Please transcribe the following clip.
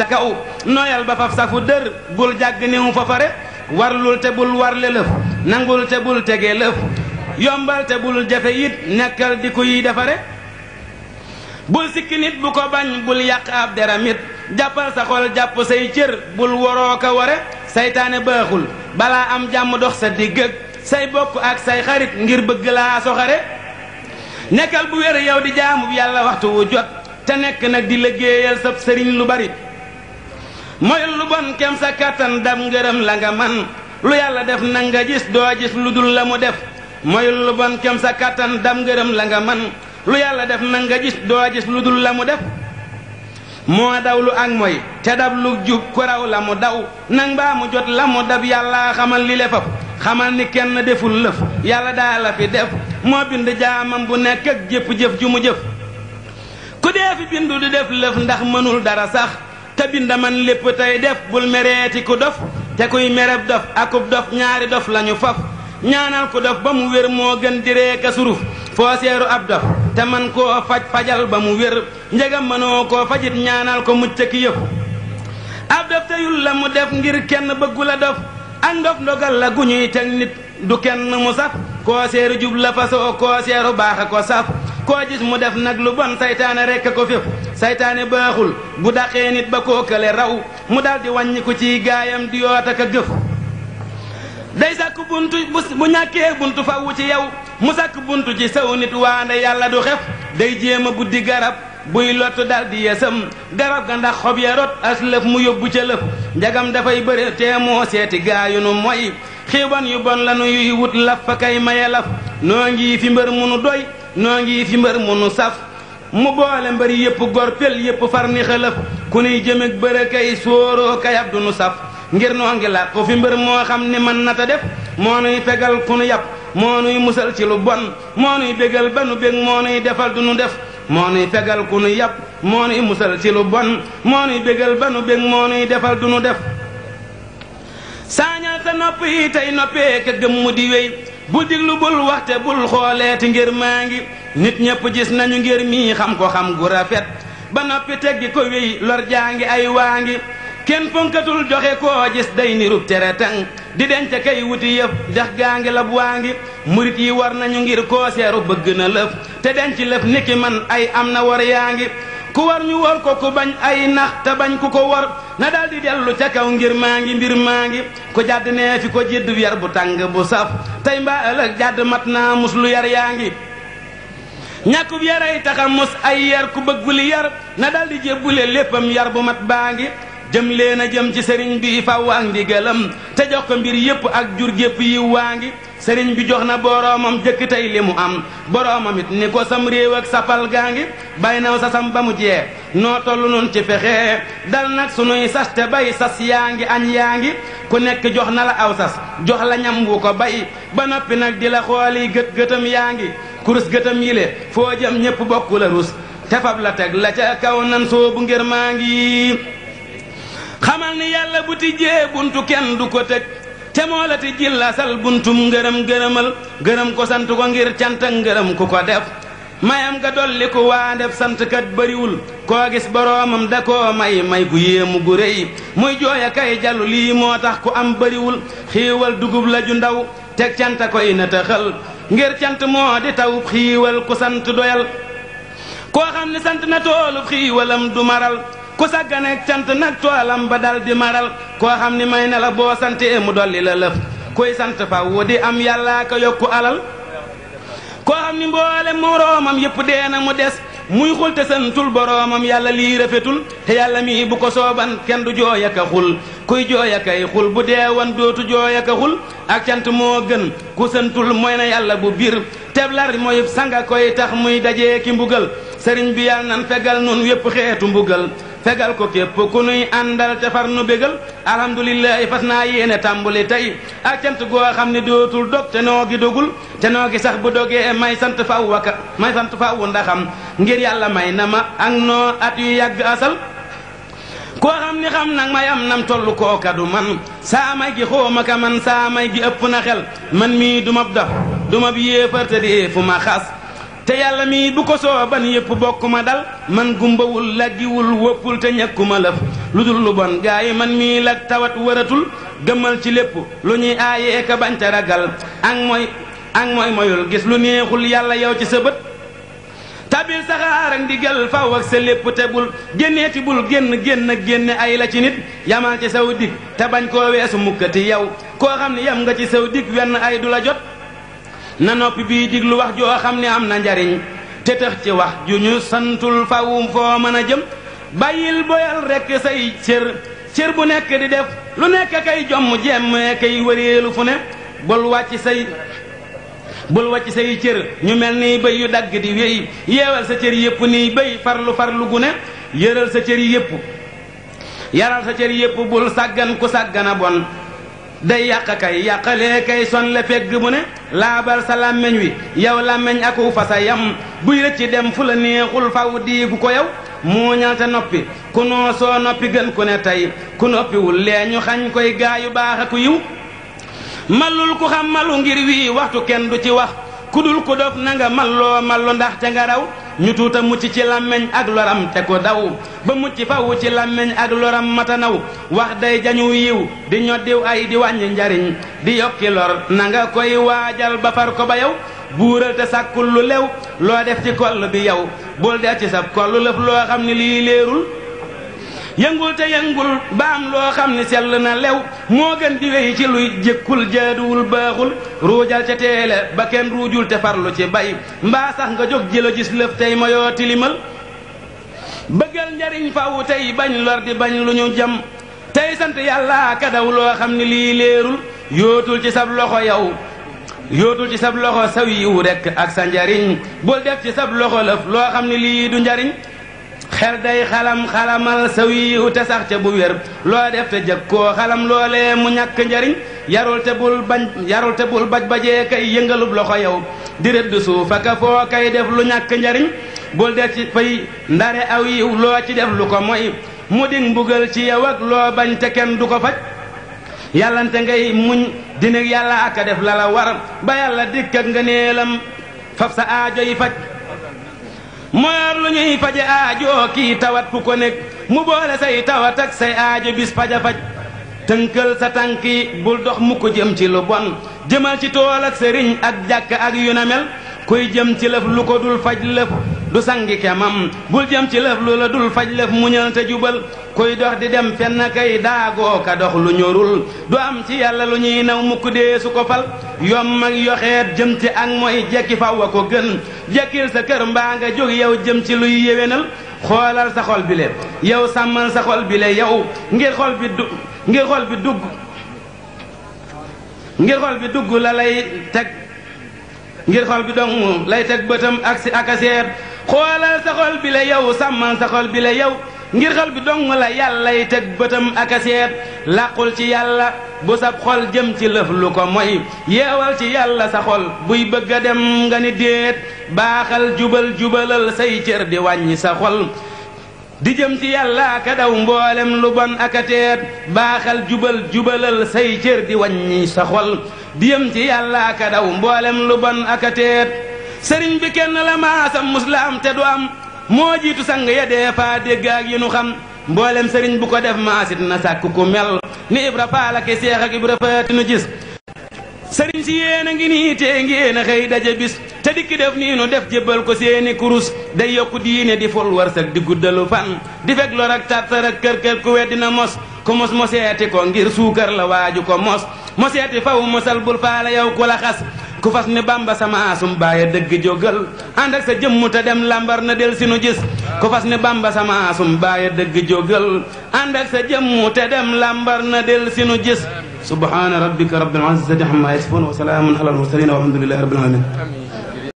ca kaw nooyal ba faf safu dër bul jàgg niw te bul warle lëf nangul nekkal di ko defare bul sikki bu ko bañ bul yàq jàppal sa jàpp say cër bul waroo ko ware saytaane am jàmm dox sa say bokk ak say xarit ngir bëgg laa bu wér yow di jaamu yàlla waxtu wu jot te nekk nag di liggéeyal sab sëriñ lu bari moyul lu bon kem sa kattan dam ngërëm la nga man lu yàlla def na nga gis doo gis lu dul la mu def moyul lu bon kem sa kattan dam ngërëm la nga man lu yàlla def na nga gis doo jis lu dul la mu def moo dawlu ak moy te dab lu jub ku raw la mu daw nang baa mu jot la mu dab yàlla xamal li lefaf xamal ni kenn deful lëf yàlla daa la fi def moo bind jaamam bu nekk ak jëpp jëf ju mu jëf ku dee fi bindu di def lëf ndax mënul dara sax te bind man lépp def bul mereeti ku dof te kuy mereb dof akub dof ñaari dof lañu faf ñaanal ku dof ba mu wér gën di reeka suruf fo seeru ab dof te man ko faj fajal ba mu wér njegam mënoo koo fajit ñaanal ko mucc ki yef ab dof te yul mu def ngir kenn beggula dof ak ndogal la guñuy nit du kenn musaf ko jub la ko baax ko saf koo gis mu def nag lu bon seytaane rekk ko fépp saytaane baaxul bu daqee nit ba kookale raw mu daldi wàññiku ciy gaayam di yoot ak a gëf day sàkk buntu bu ñàkkee buntu fawwu ci yaw mu sàkk buntu ci saw nit waande yàlla du xef day jéem a guddi garab buy lottu dal di garab ga ndax xob ya rot as lëf mu yóbbu ca lëf njagam dafay bëri tee moo seeti gaayu nu mooy xiiban yu bon la wut laf fa kay maye laf noo ngi fi mbër munu doy noo ngi fi mbër mu nu saf mu boole mbër yëpp gor pel yëpp far ni xëlëf ku nuy jëmeg bërë kay sóoroo du nu saf ngir noo ngi làq fi mbër moo xam ni man na ta def moo nuy fegal ku nu yàpp moo nuy musal ci lu bon moo nuy bégal ba nu bég moo nuy defal du nu def moo nuy fegal ku nu yàpp moo nuy musal ci lu bon moo nuy ba moo saañal sa nopp yi tey noppee ka mu di wéy bu diglu bul waxte bul xooleeti ngir maa ngi nit ñépp gis nañu ngir mii xam ko xam gu rafet ba noppi teggi ko wéy lor ngi ay waa ngi kenn fonkatul joxe koo gis day nirub tere tang di denc kay wuti yëf dex gaa ngi lab waa ngi murit yi war nañu ngir koo seeru bëgg na lëf te denc lëf niki man ay am na war yaa ngi ku war ñu war ko ku bañ ay nax te bañ ku ko war na daal di dellu ca kaw ngir maa ngi mbir maa ngi ku jàdd nee fi ko jidd yar bu tàng bu saf tey mbaa ëllëg jàdd mat naa mus lu yar yaa ngi ñàkkub yaray taxa mos ay yar ku bëgguli yar na daal jébbule léppam yar bu mat baa ngi jëm leen a jëm ci sëriñ bi faw ak ndigalam te jox ko mbir yépp ak jur gépp yi waa ngi sëriñ bi jox na boroomam jëkk tey li mu am boroomam it ni ko sam réew ak sapal gaa ngi bay naw sa sam ba mu jee noo toll nun ci fexe dal nag sunuy sas te bay sas yaa ngi añ yaa ngi ku nekk jox na la aw sas jox la ñam wu ko bay ba noppi nag di la xooli gët gëtam yaa ngi kurus gëtam yile foo jëm ñépp bokku la rus tefab la teg la ca kaw nan soobu ngir maa ngi xamal ni yàlla bu tijjee buntu kenn du ko tëj te moo la tijjil la sal buntum ngërëm ngërëmal ngërëm ko sant ko ngir canta ak ngërëm ku ko def mayam nga dolli ko waa def sant kat bariwul koo gis boroomam da koo may may gu yéemu gu rëy muy jooy kay jallu lii moo tax ku am bëriwul xiiwal dugub la ju ndaw teg cant koy na tëxal ngir cant moo di taw xiiwal ku sant doyal koo xam ne sant na toolub xiiwalam du maral ku sagganeeg cant nag toolam ba dal di maral koo xam ni may na la boo santee mu dolli la lëf kuy sant fa wu am yàllaa ko yokku alal koo xam ni mboole moroomam yëpp dee mu des muy xul te santul boroomam yàlla lii rafetul te yàlla mii bu ko sooban kenn du jooy ak xul kuy jooy ak xul bu dee wan dootu jooy ak a xul ak cant moo gën ku santul mooy na yàlla bu biir teblar mooy sanga koy tax muy dajee ki mbugal sëriñ bi yàlla nan fegal nun yépp xeetu mbugal fegal ko képp ku nuy àndal te far nu bégal alhamdulilahi fas naa yéene tàmbali tey ak cant goo xam ne dootul dog te noo gi te noo sax bu doge may sant faw waka may sant faw ndaxam ngir yàlla may na ma ak noo at yu yàgg asal koo ni xam nag may am nam toll kooka du man saa may gi xooma ka man saa gi ëpp na xel man mi du ma dof yéefar te di fu ma xas te yàlla mii bu ko sooban yépp bokk ma dal man gumbawul laggiwul wóppul te ñàkkuma lëf lu dul lu bon gaay man mii la tawat waratul gëmmal ci lépp lu ñuy aayee ka bañ ca ragal ak mooy ak mooy moyul gis lu neexul yàlla yow ci sa bët tabil saxaar ak ndigal faw ak sa lépp te bul génneeti bul génn génn génne ay la ci nit yamal ci saw dig te bañ koo weesu mukkati yow koo xam ne yam nga ci saw dig wenn ay du la jot na noppi bii diglu wax joo xam ne am na njariñ te tëx ci wax ju ñu santul fawum foo mën a jëm bàyyil boyal rekk say cër cër bu nekk di def lu nekk kay jomm jemme kay wëreelu fu ne bul wàcc say bul wàcc say cër ñu mel ni béy yu dagg di wéy yeewal sa cër yépp nii béy farlu farlu gu ne yëral sa cër yépp yaral sa cër yépp bul sàggan ku sàggana bon day yàq kay yàqalee kay son la pegg ne laabal sa làmmeñ wi yow làmmeñ aku fa sa yam buy ci dem fu la neexul faw diigu ko yow muuñal te noppi ku noo soo noppi gën ku ne tey ku noppiwul lee ñu xañ koy gaayu baax aku yiw malul ku xam malu ngir wii waxtu kenn du ci wax ku dul ku dof na nga malloo mallu ndax te nga raw ñu tuuta mucc ci làmmeñ ak loram te ko daw ba mucc fawu ci làmmeñ ak loram matanaw wax day jañu yiw di ñoddiw ay di wàññi njariñ di yokki lor na nga koy waajal ba far ko ba yow buural te sàkkul lu lew loo def ci koll bi yow bul def ci sab koll lëf loo xam ne lii léerul yëngul te yëngul ba am loo xam ni sell na lew moo gën di wéy ci luy jëkkul jaaduwul baaxul ruujal ca teele ba kenn ruujul te farlu ci bay mbaa sax nga jóg jëlo gis lëf tey mayoo tilimal bëggal njariñ fawu tey bañ lor bañ lu ñu jam tey sant yàlla kadaw loo xam ni lii leerul yootul ci sab loxo yow yootul ci sab loxo saw yiw rekk ak sa njariñ bul def ci sab loxo lëf loo xam ni lii du njariñ xel day xalam xalamal sa wiihu te sax ca bu wér loo def te jëkk xalam loolee mu ñàkk njariñ yarul te bul baj bajee kay yëngalub loxo yow di rëdd suuf ak foo kay def lu ñàkk njariñ bul def ci fay ndare aw loo ci def lu ko moy mu dig mbugal ci yow loo bañ te kenn du ko faj yàllante ngay muñ dinig yàlla ak a def la war ba yàlla dikk ak nga faf sa aajo yi faj moyor lu ñuy faje aajoo kii tawat ku ko nekk mu boole say tawat ak say aajo bis faja faj tënkal sa tànk yi bul dox mu ko jëm ci lu bon jëmal ci tool ak sëriñ ak jàkk ak yu koy jëm ci lëf lu ko dul faj lëf du sangi mam bul jëm ci lëf lu la dul faj lëf muñal te jubal kuy dox di dem fenn kay daagooka dox lu ñorul du am ci yàlla lu ñuy naw mukk dee su ko fal yom ak yoxeet jëm ci ak mooy jekki faw a ko gën jekkil sa kër mbaa nga jóg yow jëm ci luy yéwénal xoolal sa xol bi le yow sàmmal sa xol bi le yow ngir xol bi xol bi dugg ngir xol bi dugg la lay teg ngir xol bi dong lay teg bëtam ak si ak a xoolal sa xol bi le yow sàmmal sa xol bi le yow ngir xol bi dong la yàllay teg bëtam ak a seet làqul ci yàlla bu sab xol jëm ci lëf lu ko moy yeewal ci yàlla sa xol buy bëgg a dem nga ni déet baaxal jubal jubalal say cër di wàññi sa xol di jëm ci yàlla ka daw mboolem lu bon ak teet baaxal jubal jubalal say cër di wàññi sa xol di jëm ci yàlla ka daw mboolem lu bon ak teet sëriñ bi kenn la maasam musla am te du am moo jiitu sang ya dee faa dégg ak yi nu xam mboolem sëriñ bu ko def maasit na sàkk ku mel ni ibra faal ak seex ak ibra faati nu gis sëriñ si yéen a ngi nii tee ngeen a xëy daje bis te dikki def nii nu def jébbal ko seeni kurus day yokk diine di ful warsak di guddalu fan di fekk lor ak tartar ak kër-kër ku weddi na mos ku mos moseeti ko ngir suukar la waaju ko mos moseeti faw mosal bul faala yow ku la ku fas ni bamba sama asum baaya dëgg jógal ànd ak sa jëmmu te dem lambar na del si nu gis ku ni bamba sama asum baaya dëgg jógal ànd ak sa jëmmu te dem lambar na del si nu gis subhaana a rabbil izzati amma yasifun wa salaamun ala al mursalin walhamdulillahi rabbil alamin